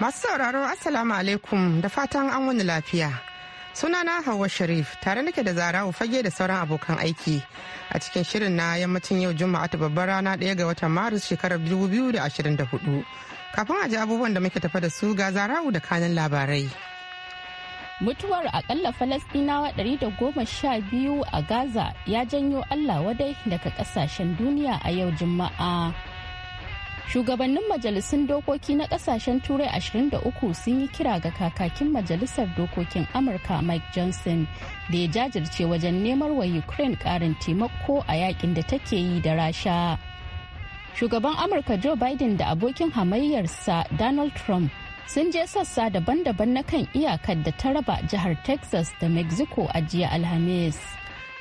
Masu sauraro Assalamu alaikum da fatan an wani lafiya. Sunana Hauwa Sharif tare nake da Zarawa fage da sauran abokan aiki a cikin shirin na yammacin yau Juma'a ta babbar rana ɗaya ga watan Maris shekarar da da ashirin hudu Kafin a ji abubuwan da muke tafa da su ga Zarawu da kanin labarai. Mutuwar akalla Falasɗinawa biyu a Gaza ya janyo Allah wadai daga ƙasashen duniya a yau Juma'a. shugabannin majalisun dokoki na kasashen turai 23 sun yi kira ga kakakin majalisar dokokin amurka mike johnson da ya jajirce wajen nemar wa ukraine karin taimako a yakin da take yi da rasha shugaban amurka joe biden da abokin hamayyarsa donald trump sun je sassa daban-daban na kan iyakar da ta raba jihar texas da mexico a jiya alhamis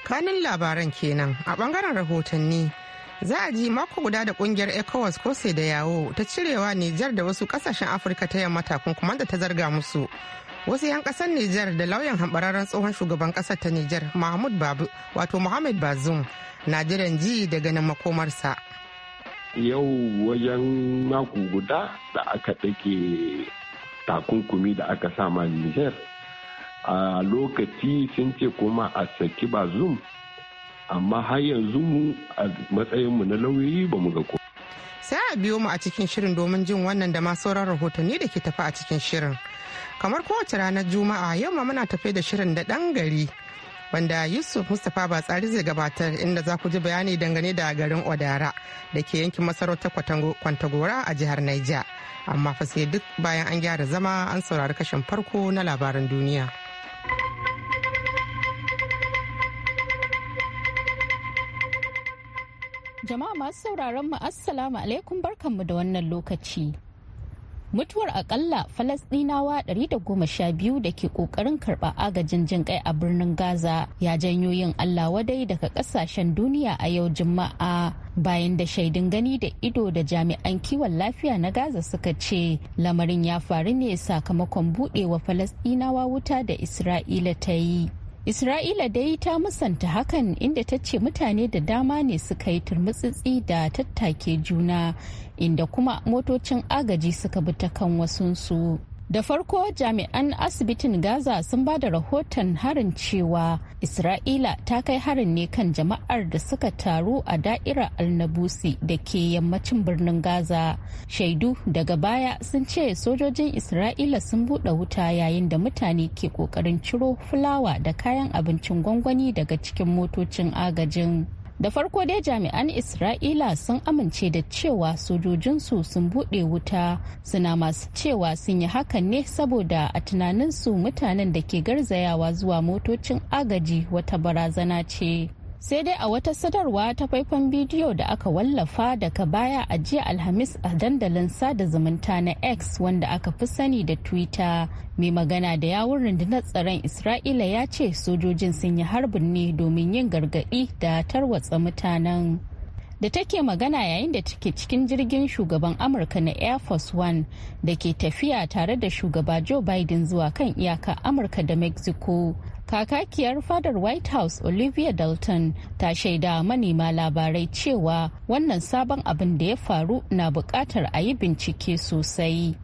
kanin labaran kenan a bangaren rahotanni za a ji mako guda da kungiyar ecowas ko sai da yawo ta cirewa nijar da wasu kasashen afirka ta yamma takunkuman da ta zarga musu wasu 'yan kasar nijar da lauyan hambararren tsohon shugaban kasar ta nijar mahmud babu wato mohamed bazum na jiran ji daga nan makomarsa yau wajen mako guda da aka ɗake takunkumi da aka sama nijar a lokaci sun ce kuma a saki bazum amma har yanzu mu a matsayinmu na lauyoyi ba mu ga ko. sai a biyo mu a cikin shirin domin jin wannan da ma sauran rahotanni da ke tafi a cikin shirin kamar kowace ranar juma'a yau ma muna tafe da shirin da ɗan gari wanda yusuf mustapha batsari zai gabatar inda za ku ji bayani dangane da garin odara da ke yankin masarautar kwantagora a jihar naija amma fa sai duk bayan an gyara zama an saurari kashin farko na labaran duniya. Jama'a masu sauraron mu Assalamu alaikum barkanmu da wannan lokaci. Mutuwar akalla Falasdinawa 112 da ke kokarin karɓa agajin jin kai a birnin Gaza ya janyo yin Allah wadai daga ƙasashen duniya a yau Juma'a bayan da shaidun gani da ido da jami'an kiwon lafiya na Gaza suka ce lamarin ya faru ne sakamakon buɗewa Falasdinawa wuta da Isra'ila ta yi. Isra'ila dai ta musanta hakan inda ta ce mutane da dama ne suka yi turmutsitsi da tattake juna inda kuma motocin agaji suka bi ta kan wasunsu. Da farko jami'an asibitin Gaza sun ba da rahoton harin cewa Isra'ila ta kai harin ne kan jama'ar da suka taru a da'irar alnabusi da ke yammacin birnin Gaza. Shaidu daga baya sun ce sojojin Isra'ila sun buɗe wuta yayin da mutane ke ƙoƙarin ciro fulawa da kayan abincin gwangwani daga cikin motocin agajin. da farko dai jami'an isra'ila sun amince da cewa sojojinsu sun buɗe wuta suna masu cewa sun yi hakan ne saboda a tunaninsu mutanen da ke garzayawa zuwa motocin agaji wata barazana ce sai dai a wata sadarwa ta faifan bidiyo da aka wallafa daga baya a jiya alhamis a dandalin sada zumunta na x wanda aka fi sani da twitter mai magana da yawun rundunar tsaron isra'ila ya ce sojojin sun yi harbin ne domin yin gargaɗi da tarwatsa mutanen da take magana yayin da take cikin jirgin shugaban amurka na air force one da ke tafiya tare da shugaba joe biden zuwa kan iyaka amurka da mexico kakakiyar fadar white house olivia dalton ta shaida manema labarai cewa wannan sabon abin da ya faru na bukatar a yi bincike sosai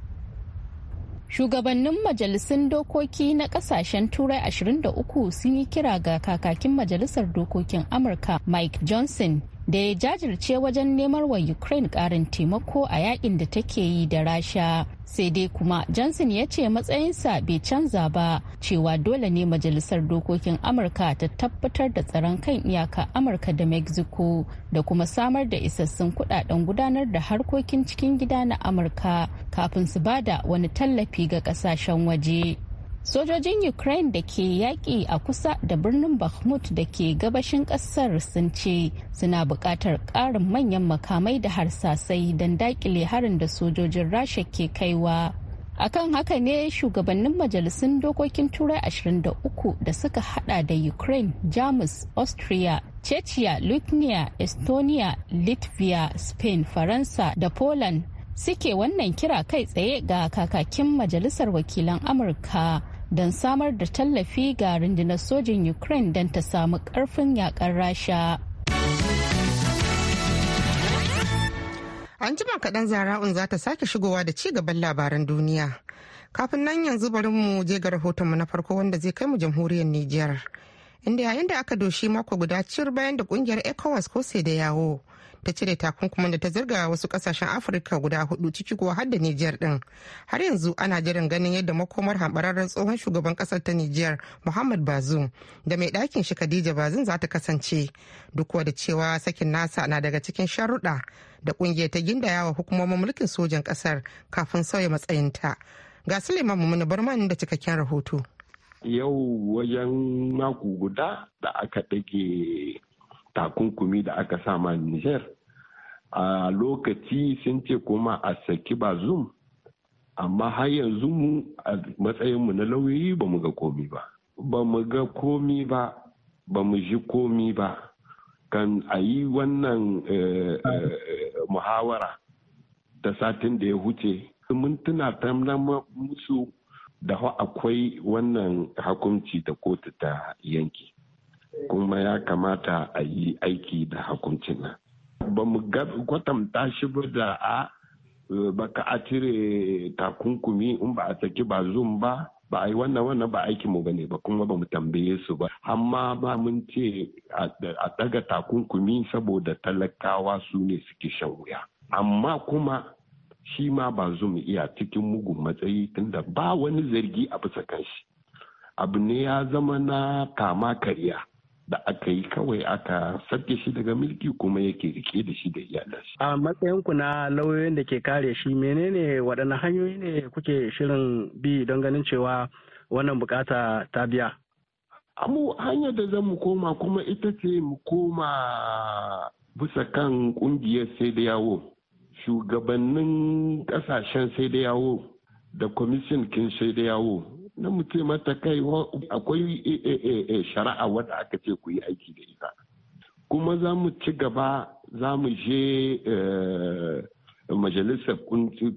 shugabannin majalisun dokoki na kasashen turai 23 sun yi kira ga kakakin majalisar dokokin amurka mike johnson da ya jajirce wajen nemar wa ukraine karin taimako a yakin da take yi da rasha sai dai kuma johnson ya ce matsayinsa bai canza ba cewa dole ne majalisar dokokin amurka ta tabbatar da tsaron kan iyaka amurka da mexico da kuma samar da isassun kudaden gudanar da harkokin cikin gida na amurka kafin su bada wani tallafi ga kasashen waje. sojojin ukraine da ke yaƙi a kusa da birnin bakhmut da ke gabashin ƙasar sun ce suna buƙatar ƙarin manyan makamai da harsasai don daƙile harin da sojojin rasha ke kaiwa akan haka ne shugabannin majalisun dokokin turai 23 da suka hada da ukraine jamus austria chechia lithuania estonia latvia spain faransa da poland suke wannan kira kai tsaye ga kakakin majalisar wakilan amurka don samar da tallafi ga rundunar sojin ukraine don ta samu karfin yakar rasha an jima kaɗan zara'un za ta sake shigowa da ci gaban labaran duniya kafin nan yanzu bari mu je ga rahotonmu na farko wanda zai kai mu jamhuriyar niger inda yayin da aka doshi mako guda cir bayan da kungiyar ecowas ko sai da yawo ta cire takunkumin da ta zirga wasu kasashen afirka guda hudu ciki kuwa har da nijar din har yanzu ana jiran ganin yadda makomar hambararren tsohon shugaban kasar ta nijar muhammad bazoum da mai ɗakin shi khadija bazoum za ta kasance duk da cewa sakin nasa na daga cikin sharuɗa da kungiyar ta gindaya wa hukumomin mulkin sojan kasar kafin sauya matsayinta ga suleiman mumuni barman da cikakken rahoto yau wajen maku guda da aka ɗage takunkumi da aka sa ma Niger a lokaci sun ce kuma a saki ba zoom amma har yanzu mu a matsayinmu na lauyoyi ba mu ga komi ba ba mu ga komi ba ba mu ji komi ba kan a yi wannan eh, eh, muhawara ta satin da ya huce mun tuna ta musu da akwai wannan hakunci da kotu ta yanki kuma ya kamata a yi aiki da hakuncin nan ba mu kwatanta shi ba da a baka a cire takunkumi in ba a saki ba zum ba ba a yi wannan wannan ba mu ba ne ba kuma ba mu tambaye su ba amma ba mun ce a daga takunkumi saboda talakawa su ne suke shan wuya amma kuma shi ma ba zun iya cikin mugun matsayi tunda ba wani zargi a bisa kanshi abu ne ya zama na kama karya da aka yi kawai aka sabke shi daga mulki kuma yake rike da shi da iyalansa. A matsayinku na lauyoyin da ke kare shi menene waɗanne hanyoyi ne kuke shirin bi don ganin cewa wannan bukata ta biya? Amu hanyar da zan mu koma kuma ita ce mu koma bisa kan kungiyar sai da yawo. Shugabannin kasashen sai da yawo da kwamishin kin sai da yawo na mu ce mata kai akwai eh, eh, eh, shari'a wadda aka ce ku yi aiki da ita kuma za mu ci gaba za mu je majalisar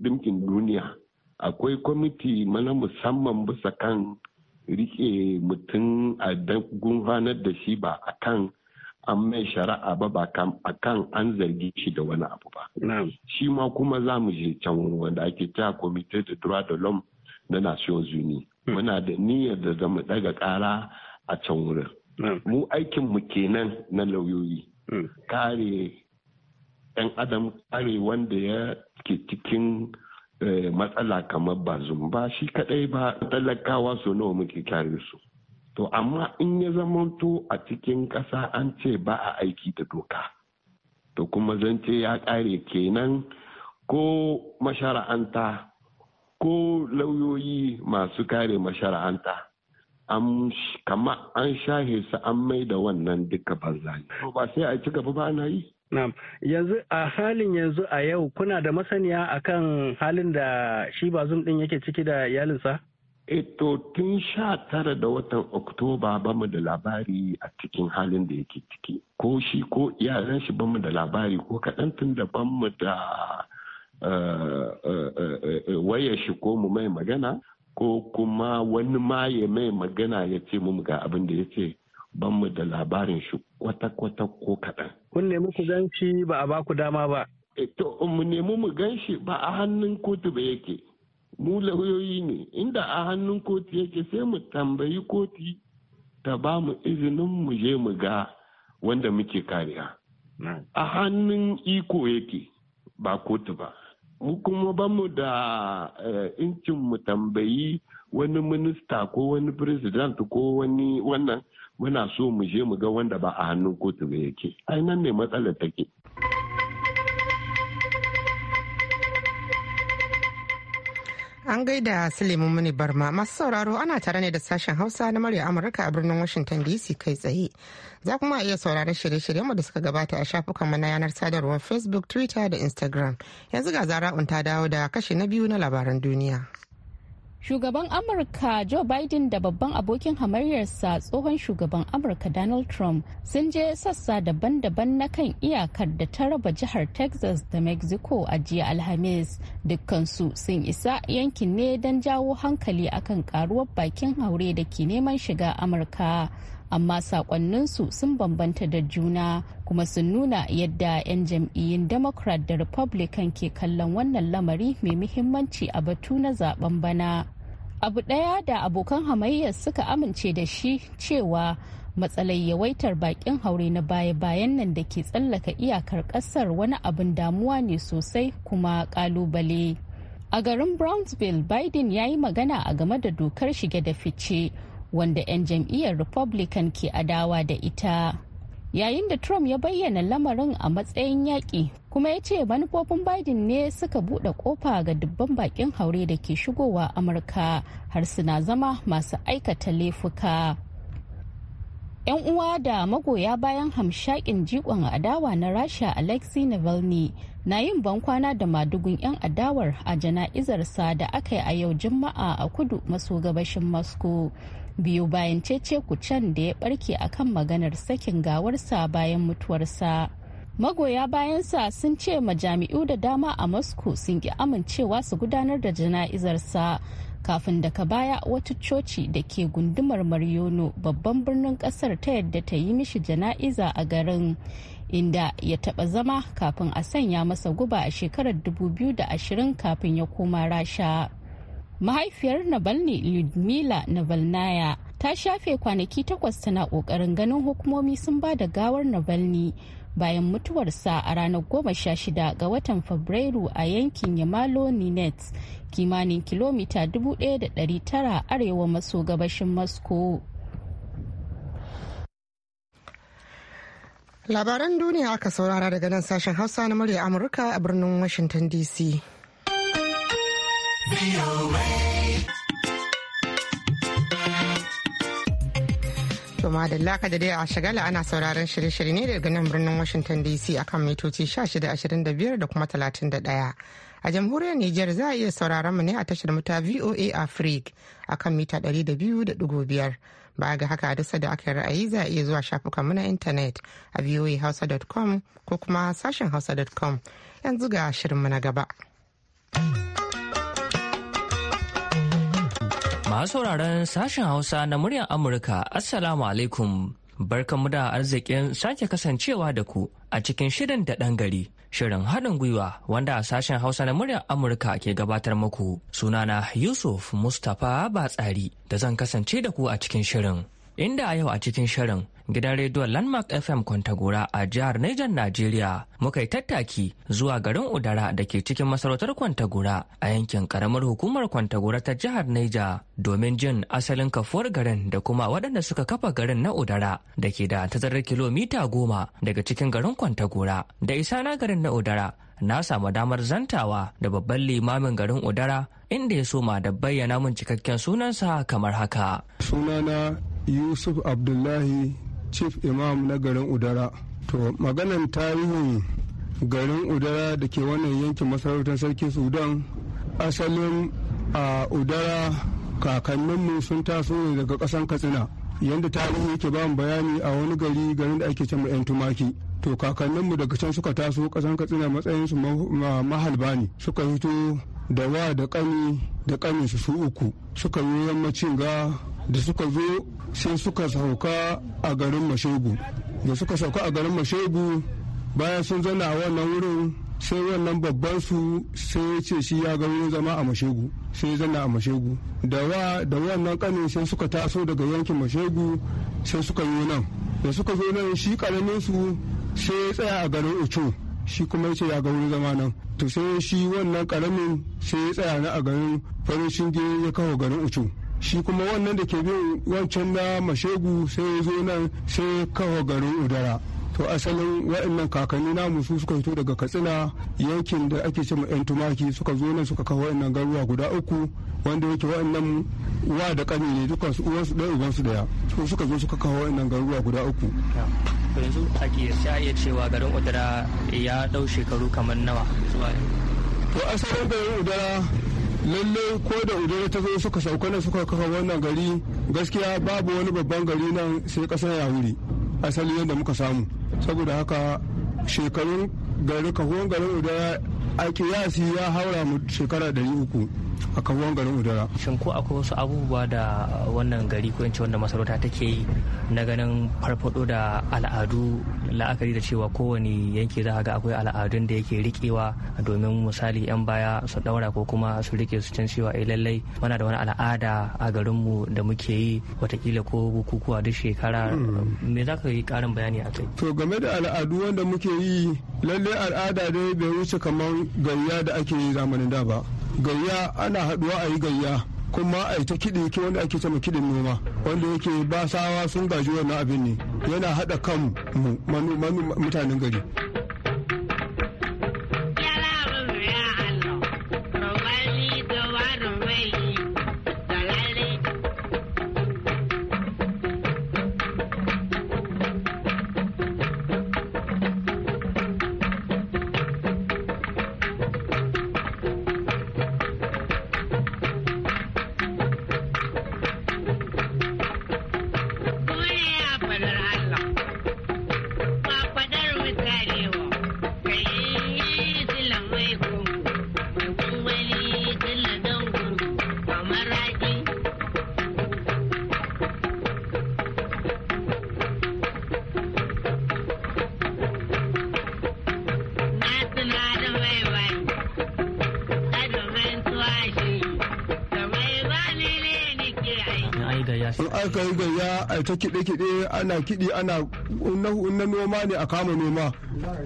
dimkin duniya akwai kwamiti mana musamman bisa kan rike mutum a da shi ba a kan an mai shari'a ba ba a kan an zargi shi da wani abu ba. Shi ma kuma za mu je can wanda ake ta kwamitin da droit de l'homme na Nations Unies. Hmm. muna da niyyar da zama daga kara a can wurin hmm. mu aikin mu kenan na lauyoyi hmm. kare yan adam kare wanda ya ke cikin eh, matsala kamar ba zumba shi kadai ba talakawa su nawa muke kare su to amma in ya zama zamanto a cikin ƙasa an ce ba a aiki da doka to kuma zance ya ƙare kenan ko mashara'anta ko lauyoyi masu kare mashara'anta an kama an shahe su an mai da wannan duka banza ba sai a ci gaba ba ana yi yanzu a halin yanzu a yau kuna da masaniya akan halin da shi bazum din yake ciki da iyalinsa? Eto eh, tun sha tara da watan Oktoba ba mu da labari a cikin halin da yake ciki. Ko shi ko iyalan shi ba mu da labari ko kaɗan tun da ban mu da waya shi ko mu mai magana ko kuma wani ma ya mai magana ya ce mu ga abin da ya ce ban mu da labarin shi kwata-kwata ko kaɗan. Kun nemi ku gan shi ba a baku dama ba. Eh, to, mu nemi mu gan shi ba a hannun kotu ba yake. Mu lauyoyi ne, inda a hannun kotu yake sai mu tambayi kotu ta ba mu izinin mu je mu ga wanda muke kariya. A hannun iko yake ba kotu ba. mu kuma ba mu da eh, incin mu tambayi wani minista ko wani president ko wani wannan muna so mu je mu ga wanda ba a hannun kotu ba yake ainihin ne matsalar take An gaida Suleiman mini Barma masu sauraro ana tare ne da sashen Hausa na murya Amurka a birnin Washington DC kai tsaye. Za kuma iya sauraron shirye-shiryenmu da suka gabata a shafukanmu na yanar sadarwar Facebook, Twitter da Instagram. Yanzu ga zara'unta ta dawo da kashe na biyu na labaran duniya. shugaban amurka joe biden da babban abokin hamayyarsa tsohon shugaban amurka donald trump sun je sassa daban-daban na kan iyakar da ta raba jihar texas da mexico a jiya alhamis dukkansu sun isa yankin ne don jawo hankali akan karuwar bakin haure da ke neman shiga amurka amma sakonninsu sun bambanta da juna kuma sun nuna yadda 'yan jam'iyyun democrat da republican ke kallon wannan lamari mai muhimmanci a batu na zaben bana abu ɗaya da abokan hamayyar suka amince da shi cewa matsalai yawaitar bakin haure na baya-bayan nan da ke tsallaka iyakar ƙasar wani abin damuwa ne sosai kuma ƙalubale a garin brownsville biden ya yi magana a game da dokar shige da fice wanda 'yan jam'iyyar republican ke adawa da ita yayin da trump ya bayyana lamarin a matsayin yaƙi kuma ya ce manufofin biden ne suka buɗe ƙofa ga dubban bakin haure da ke shigowa amurka har suna zama masu aikata laifuka 'yan uwa da magoya bayan hamshakin jikon adawa na rasha alexei navalny na yin bankwana da madugun 'yan adawar a jana'izarsa da aka yi a yau juma'a a kudu maso gabashin moscow biyu bayan cece can da ya barke kan maganar sakin gawarsa bayan mutuwarsa magoya bayansa sun ce majami'u da dama a moscow sun ki amincewa su gudanar da jana'izarsa kafin daga baya wata coci da ke gundumar mariono babban birnin kasar ta yadda ta yi mishi jana'iza a garin inda ya taba zama kafin a sanya masa guba a shekarar 2020 kafin ya koma rasha mahaifiyar navalny ludmila navalnaya ta shafe kwanaki takwas tana kokarin ganin hukumomi sun ba da gawar navalny bayan mutuwarsa a ranar goma sha shida ga watan fabrairu a yankin yamalo ninet kimanin kilomita 1,900 arewa maso gabashin moscow labaran duniya aka saurara daga nan sashen hausa na murya amurka a birnin washington dc Tuma da laka da dai a shagala ana sauraron shirye-shirye ne daga nan birnin Washington DC akan mitoci 1625 da kuma 31. A jamhuriyar Nijar za a iya sauraron mu ne a tashar muta VOA Africa akan mita 200.5. Baya ga haka a duk da aka ra'ayi za a iya zuwa shafukan na intanet a voahausa.com ko kuma sashen hausa.com yanzu ga shirin mu na gaba. Masu sauraron sashen Hausa na muryar Amurka, Assalamu alaikum. Barkanmu da arzikin sake kasancewa da ku a cikin shirin da ɗan gari. Shirin haɗin gwiwa wanda sashen Hausa na muryar Amurka ke gabatar muku. Sunana Yusuf Mustapha Batsari da zan kasance da ku a cikin shirin. Inda yau a cikin shirin gidan rediyon landmark fm kwantagora a jihar Nijar najeriya muka yi tattaki zuwa garin udara da ke cikin masarautar kwantagora a yankin karamar hukumar kwantagora ta jihar Niger, domin jin asalin kafuwar garin da kuma waɗanda suka kafa garin na udara da ke da tazarar kilomita goma daga cikin garin kwantagora da isa na garin na udara na samu damar zantawa da babban limamin garin udara inda ya soma da bayyana mun cikakken sunansa kamar haka sunana yusuf abdullahi chief imam na garin udara to maganan tarihin garin udara da ke wannan yankin masarautar sarki sudan asalin a udara kakanninmu sun taso ne daga kasan katsina yadda tarihi yake ba mu bayani a wani gari garin da ake cewa 'yan tumaki to kakanninmu daga can suka taso kasan katsina matsayinsu mahalba ne suka hito da wa da kani da su su uku suka yi yammacin ga da suka zo sai suka sauka a garin mashegu da suka sauka a garin mashegu bayan sun zana a wannan wurin sai wannan babban su sai ya ce shi ya ga wurin zama a mashegu sai ya zana a mashegu da wa da wannan kanin sai suka taso daga yankin mashegu sai suka yi nan da suka zo nan shi karamin su sai ya tsaya a garin uco shi kuma ya ce ya ga wurin zama nan to sai shi wannan karamin sai ya tsaya na a garin farin shinge ya kawo garin uco shi kuma wannan da ke bin wancan na mashegu sai ya zo nan sai kawo garin udara to asalin wa'annan kakanni namu su suka fito daga katsina yankin da ake ce yan tumaki suka zo nan suka kawo wa'annan garuwa guda uku wanda yake wa'annan wa da kani ne dukkan su uwansu ɗaya ubansu ɗaya su suka zo suka kawo wa'annan garuwa guda uku yanzu a kiyarci iya cewa garin udara ya ɗau shekaru kamar nawa to asalin garin udara lalle ko da udara ta zo suka sauka na suka kafa wannan gari gaskiya babu wani babban gari nan sai kasar yahuri asali yadda muka samu saboda haka shekarun gari kahon garin udara a kiyasi ya haura mu shekara 300 a kan garin udara shin ko akwai wasu abubuwa da wannan gari ko ince wanda masarauta take yi na ganin farfado da al'adu la'akari da cewa kowane yanki za ga akwai al'adun da yake rikewa domin misali yan baya su daura ko kuma su rike su can cewa eh lallai muna da wani al'ada a garinmu da muke yi watakila ko bukukuwa duk shekara hmm. me za ka yi karin bayani a kai to game da al'adu wanda muke yi lallai al'ada dai bai wuce kamar gariya da ake yi zamanin da ba gayya ana haɗuwa a yi gayya kuma a ta kiɗi ke wanda ake sama kiɗin noma wanda yake basawa sun gaji wannan abin ne yana haɗa kan mu mutanen gari aka yi gayya a ta kiɗe-kiɗe ana kiɗi ana na noma ne a kama noma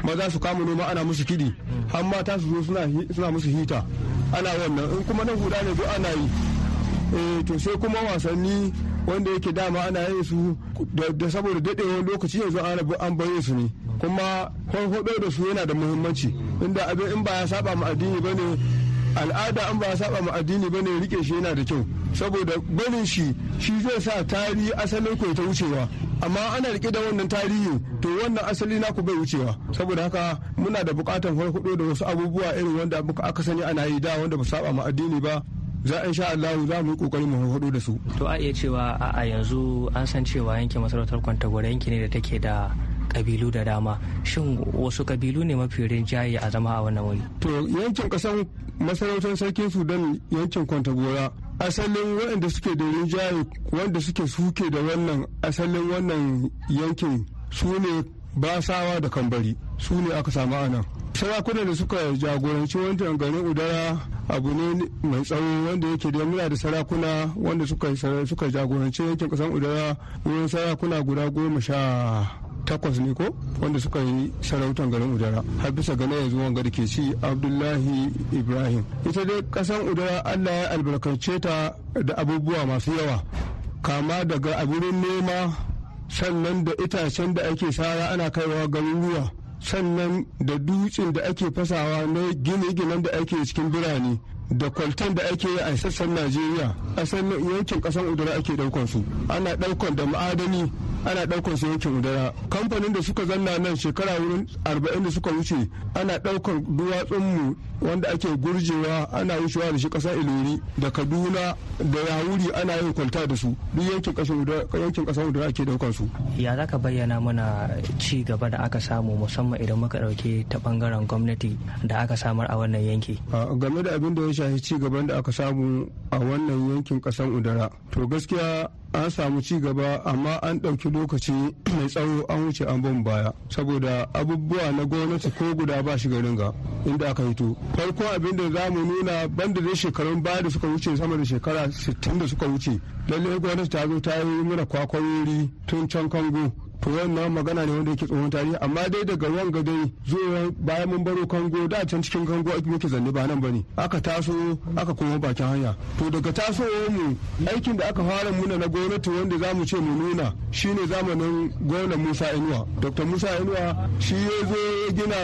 maza su kama noma ana musu kiɗi har mata su zo suna musu hita ana wannan in kuma na huda ne duk ana yi eh, to sai kuma wasanni wanda yake dama ana yin su da saboda dadewar lokaci yanzu an bayyana su ne kuma hodo da su yana da muhimmanci inda abin in ba ya saba mu addini bane al'ada in ba ya saba mu addini bane rike shi yana da kyau saboda gwanin shi shi zai sa tarihi asalin ku ta wucewa amma ana rike da wannan tarihi to wannan asali na ku bai wucewa saboda haka muna da bukatan farko da wasu abubuwa irin wanda muka aka sani ana yi da wanda ba saba ma addini ba za a insha Allah za mu yi kokari mu hudu da su to a iya cewa a yanzu an san cewa yankin masarautar Kwantagora yanki ne da take da kabilu da dama shin wasu kabilu ne mafi rinjaye a zama a wannan wuri to yankin kasan masarautar sarkin sudan yankin kwantagora asalin waɗanda suke da rinjaye wanda suke suke da wannan asalin wannan yankin su ne basawa da kambari su ne aka samu anan sarakunan da suka jagoranci wancan garin udara abu ne mai tsawo wanda yake da muna da sarakuna wanda suka jagoranci yankin kasan udara wurin sarakuna guda goma sha takwas ne ko wanda suka yi sarautan garin udara har bisa gane yanzu wanga ke ci abdullahi ibrahim ita dai kasan udara allah ya albarkace ta da abubuwa masu yawa kama daga abirin nema sannan da itacen da ake sara ana kaiwa garuruwa sannan da dutsen da ake fasawa na gine-ginen da ake cikin birane da kwaltan da ake yi a sassan najeriya a yankin kasan udara ake daukan su ana daukan da ma'adani ana daukan su yankin udara kamfanin da suka zanna nan shekara wurin arba'in da suka wuce ana daukan duwatsunmu wanda ake gurjewa ana wucewa da shi kasa ilori da kaduna da yawuri ana yin kwalta da su duk yankin kasan udara ake daukan su ya za ka bayyana mana ci gaba da aka samu musamman idan muka dauke ta bangaren gwamnati da aka samar a wannan yanki game da abin da ya shafi ci gaban da aka samu a wannan yankin kasan udara to gaskiya an samu ci gaba amma an ɗauki lokaci mai tsawo an wuce an ban baya saboda abubuwa na gwamnati ko guda ba shi garin ga inda aka to farko abin da za mu nuna banda da shekarun baya da suka wuce sama da shekara 60 da suka wuce lallai gwamnati ta zo ta yi mana kwakwarori tun can kango to wannan magana ne wanda yake tsohon tarihi amma dai daga ruwan ga dai zuwa bayan mun baro kango da can cikin kango muke zanne ba nan bane aka taso aka koma bakin hanya to daga taso mu aikin da aka fara muna na gwamnati wanda za mu ce mu nuna shine zamanin gwamnan Musa Inuwa Dr Musa Inuwa shi ya zo gina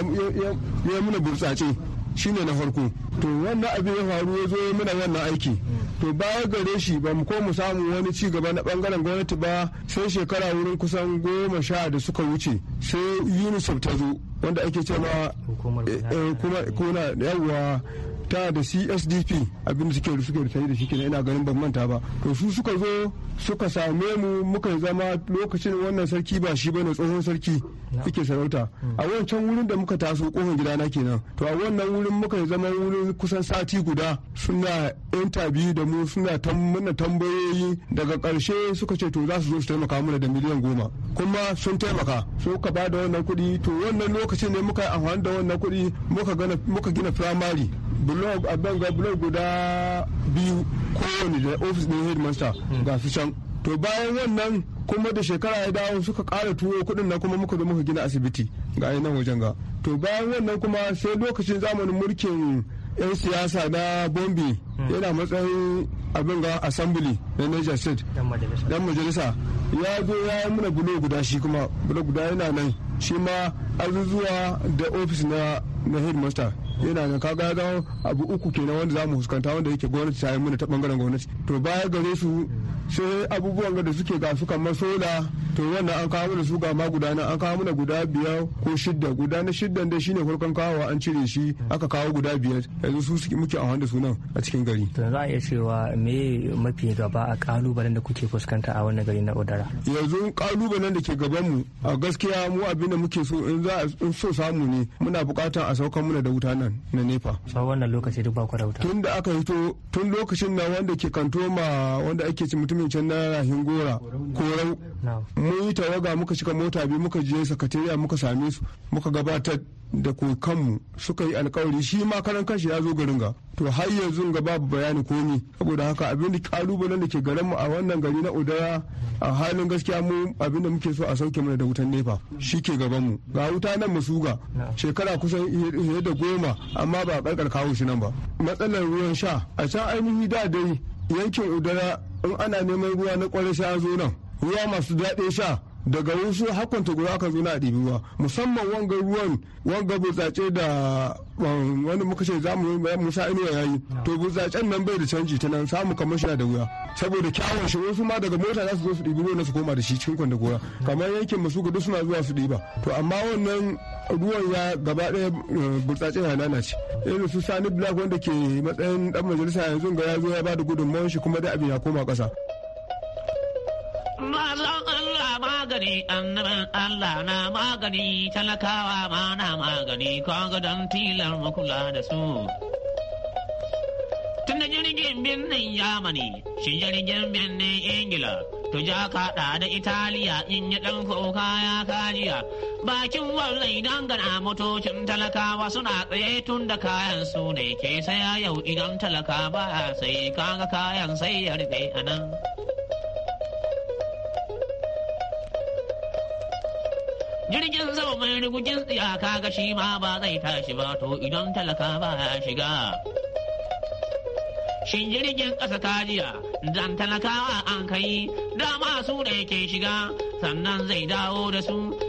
ya muna burtsatse shi ne na farko to wannan abin ya faru ya zo muna wannan aiki to baya gare shi ba mu ko mu samu wani ci gaba na bangaren gwamnati ba sai shekara wurin kusan goma sha da suka wuce sai unicef ta zo wanda ake cewa eh, eh, kuma yawwa ta da CSDP abin da suke da rufe da shi kenan ina ganin ban manta ba to su suka zo suka same mu muka zama lokacin wannan sarki ba shi bane tsohon sarki yake sarauta a wancan wurin da muka taso kofin gidana kenan to a wannan wurin muka zama wurin kusan sati guda suna interview da mu suna mana tambayoyi daga karshe suka ce to za su zo su taimaka mana da miliyan goma kuma sun taimaka suka ba da wannan kuɗi to wannan lokacin ne muka yi amfani da wannan kuɗi muka gina firamare blog a ga blog guda biyu kowane da ofis ɗin headmaster ga su can to bayan wannan kuma da shekara ya dawo suka kara tuwo kuɗin na kuma muka zo muka gina asibiti ga nan wajen ga to bayan wannan kuma sai lokacin zamanin mulkin 'yan siyasa na bombi hmm. yana matsayin abin ga assembly na niger state dan majalisa ya zo ya yi mana bulo guda shi kuma bulo guda yana nan shi ma azuzuwa da ofis na headmaster yana nan kaga ya abu uku kenan wanda za mu fuskanta wanda yake gwamnati ta yi mana ta bangaren gwamnati to baya gare su sai abubuwan da suke ga su kamar sola to wannan an kawo mana su ga ma guda an kawo mana guda biyar ko shidda guda na shiddan dai shine farkon kawo an cire shi aka kawo guda biyar yanzu su suke muke a wanda sunan a cikin gari to za a iya cewa me mafi gaba a kalubalen da kuke fuskanta a wannan gari na odara yanzu kalubalen da ke gaban mu a gaskiya mu abin da muke so in za in so samu ne muna bukatar a saukan muna da wuta nan na nefa sau wannan lokaci duk ba ku da wuta tun da aka hito tun lokacin na wanda ke kanto ma wanda ake ci mutum mutumin can na rahin gora korau mun yi tawaga muka shiga mota biyu muka je sakatariya muka same su muka gabatar da kanmu suka yi alkawari shi ma karan kanshi ya zo garin ga to har yanzu ga babu bayani komi saboda haka abin da kalubalen da ke garin mu a wannan gari na udara a halin gaskiya mu abin da muke so a sauke mana da wutan nefa shi ke gaban mu ga wuta nan mu suga shekara kusan fiye da goma amma ba a karkar kawo shi nan ba matsalar ruwan sha a can ainihi da dai yankin udara in ana neman ruwa na kwarai sai an zo nan ruwa masu daɗe sha daga wasu ta guda aka zo na ɗibi ruwa musamman wanga ruwan wanga burtsatse da um, wani muka ce zamu musa inuwa ya yi to burtsatsen nan bai da canji ta nan samu kamar shi da wuya saboda kyawun shi wasu ma daga mota za su zo su ɗibi na su koma da shi cikin kwanda gora kamar yankin masu gudu suna zuwa su ɗiba to amma wannan ruwan ya gaba ɗaya eh, burtsatse na lalace irin su sani black wanda ke matsayin dan majalisa yanzu ga ya zo ya bada gudunmawar shi kuma da abin ya koma ƙasa. magani annabin Allah na magani talakawa ma na magani kaga don tilar makula da su tun da jirgin birnin yamani shi jirgin birnin ingila to ja kaɗa da italiya in yi ɗan kuka ya bakin wannan idan gana motocin talakawa suna tsaye tun da kayan su ne ke saya yau idan talaka ba sai kaga kayan sai ya rufe a nan. Jirgin sama mai rigugin tsiyaka ga shi ma ba zai tashi ba to idan talaka ba shiga. Shin jirgin ƙasa kajiya dan talakawa an kai dama su ne ke shiga sannan zai dawo da su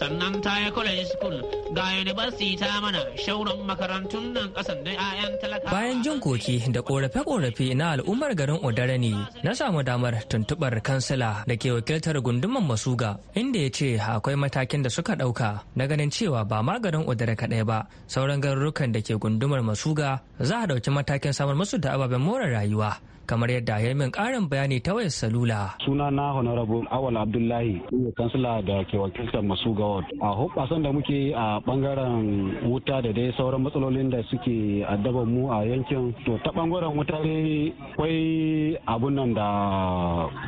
sannan ta yi college school ga university ta mana shauran makarantun nan kasan da 'ya'yan talaka. Bayan jin koki da korafe-korafe na al'ummar garin Odare ne na samu damar tuntubar kansila da ke wakiltar gundumar Masuga inda ya ce akwai matakin da suka ɗauka na ganin cewa ba ma garin Odare kaɗai ba sauran garurukan da ke gundumar Masuga za a ɗauki matakin samar musu da ababen more rayuwa. kamar yadda ya min karin bayani ta wayar salula. Suna na Honorable Awal Abdullahi, kansila da ke wakiltar masu gawad. A hoɓasan da muke a bangaren wuta da dai sauran matsalolin da suke addaban mu a yankin. To ta bangaren wuta dai kwai abun nan da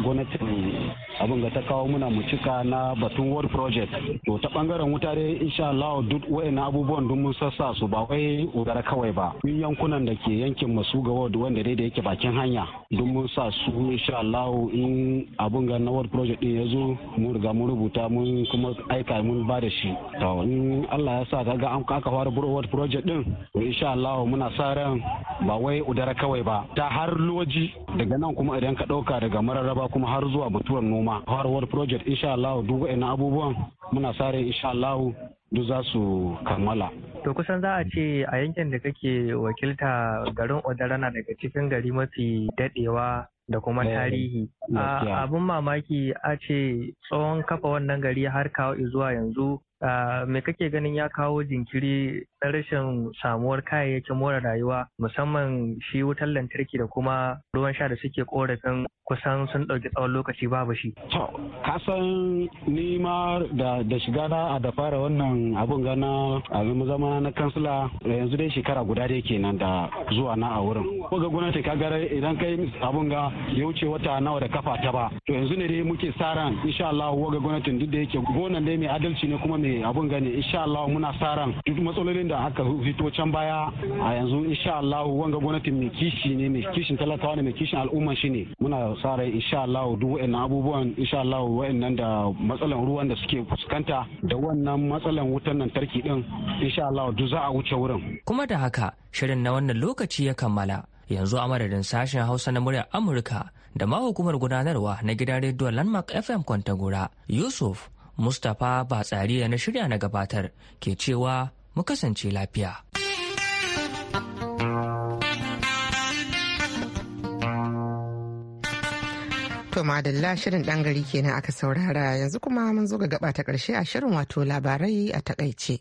gwamnatin abin ga ta kawo muna mu cika na batun world project to ta bangaren wuta dai insha Allah duk wayan abubuwan duk mun sassa su ba wai kawai ba duk yankunan da ke yankin masu ga ward wanda dai da yake bakin hanya duk mun sa su insha Allah in abin ga na world project din yazo mun riga mun rubuta mun kuma aika mun ba da shi to in Allah ya sa ga an aka fara world project din insha Allah muna sa ran ba wai udara kawai ba ta har loji daga nan kuma idan ka ɗauka daga mararraba kuma har zuwa mutuwar noma Har harwar project insha Allah duk wa'annan abubuwan muna sare insha Allah duk za su kammala. To kusan za a ce a yankin da kake wakilta garin Odara na daga cikin gari mafi dadewa da kuma eh, tarihi. Abin mamaki a ce tsohon kafa wannan gari har kawo zuwa yanzu Ah, me kake ganin ya kawo jinkiri na rashin samuwar kayayyakin more rayuwa musamman shi wutar lantarki da kuma ruwan sha da suke korafin kusan sun ɗauki tsawon lokaci babu shi. To, kasan nima da, shiga na da fara wannan abun gana a zama na kansila yanzu dai shekara guda da yake nan da zuwa na a wurin. Ko ga gwamnati ka ga idan kai abun ga ya wuce wata nawa da kafa ta ba. To yanzu ne dai muke sa ran insha Allah ga gwamnatin duk da yake gonan dai mai adalci ne kuma mai abun gani insha Allah muna sa ran duk matsalolin da aka fito can baya a yanzu insha Allah wanga gwamnatin mai kishi ne mai kishin talakawa ne mai kishin al'umma shi ne muna sa ran insha Allah duk wa'annan abubuwan insha Allah wa'annan da matsalan ruwan da suke fuskanta da wannan matsalan wutan lantarki din insha Allah duk za a wuce wurin kuma da haka shirin na wannan lokaci ya kammala yanzu a madadin sashen hausa na muryar amurka da ma hukumar gudanarwa na gidan rediyon landmark fm kwantagora yusuf Mustapha ba tsari da na shirya na gabatar ke cewa mu kasance lafiya. To madalla shirin ɗan gari kenan aka saurara yanzu kuma mun zo ga gaba ta ƙarshe a shirin wato labarai a takaice.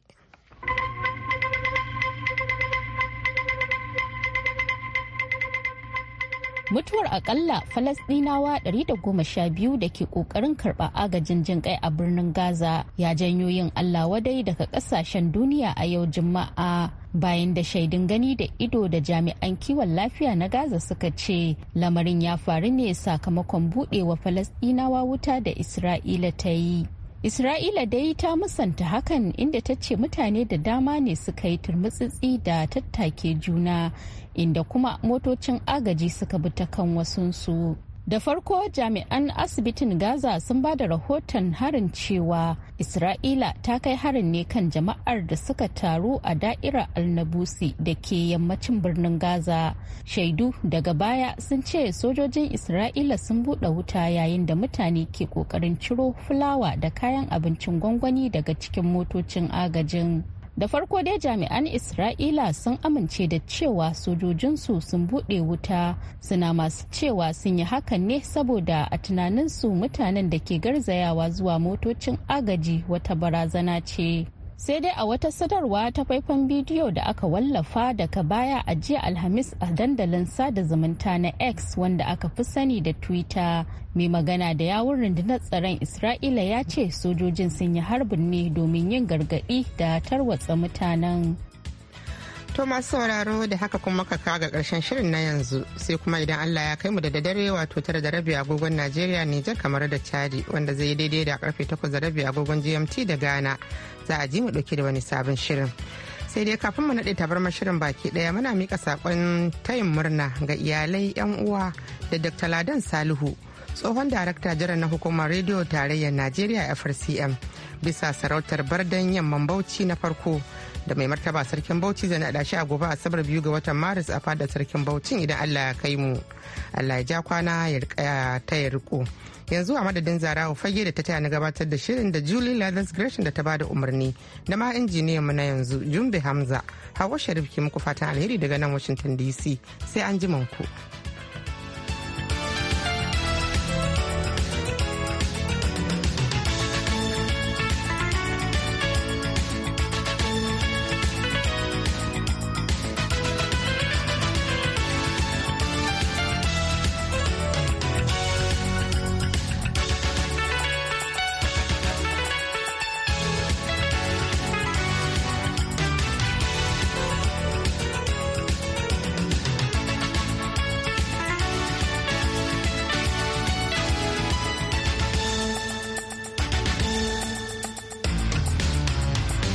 mutuwar akalla falasdinawa 112 da ke kokarin karba agajin jin kai a birnin gaza ya janyo yin allah wadai daga kasashen duniya a yau juma'a bayan da shaidun gani da ido da jami'an kiwon lafiya na gaza suka ce lamarin ya faru ne sakamakon buɗewa falasdinawa wuta da isra'ila ta yi Isra'ila dai ta musanta hakan inda ta ce mutane da dama ne suka yi turmutsitsi da tattake juna inda kuma motocin agaji suka bi ta kan wasunsu. da farko jami'an asibitin gaza sun ba da rahoton harin cewa isra'ila ta kai harin ne kan jama'ar da suka taru a da'irar alnabusi da ke yammacin birnin gaza shaidu daga baya sun ce sojojin isra'ila sun buɗe wuta yayin da mutane ke ƙoƙarin ciro fulawa da kayan abincin gwangwani daga cikin motocin agajin da farko dai jami'an isra'ila sun amince da cewa sojojinsu sun buɗe wuta suna masu cewa sun yi hakan ne saboda a tunaninsu mutanen da ke garzayawa zuwa motocin agaji wata barazana ce sai dai a wata sadarwa ta faifan bidiyo da aka wallafa daga baya a jiya alhamis a dandalin sada zumunta na x wanda aka fi sani da twitter mai magana da yawun rundunar tsaron isra'ila ya ce sojojin sun yi harbin ne domin yin gargaɗi da tarwatsa mutanen To sauraro da haka kuma ka kaga karshen shirin na yanzu sai kuma idan Allah ya kai mu da dare wato tara da rabi agogon Najeriya Nijar kamar da Chadi wanda zai yi daidai da karfe takwas da rabi agogon GMT da Ghana za a ji mu dauke da wani sabon shirin sai dai kafin mu naɗe tabar shirin baki ɗaya muna mika saƙon tayin murna ga iyalai 'yan uwa da dr ladan salihu tsohon darakta jiran na hukumar rediyo tarayyar najeriya frcm bisa sarautar bardan yamman bauchi na farko da mai martaba sarkin bauchi zai naɗa shi a gobe asabar biyu ga watan maris a fadar sarkin bauchin idan allah ya kai mu allah ya ja kwana ya ta ya riko yanzu a madadin zarawa fage da ta taya na gabatar da shirin da julie lathers gresham da ta bada umarni na ma injiniyan mu na yanzu jumbe hamza hawa sharif ke muku fatan alheri daga nan washington dc sai an ji ku.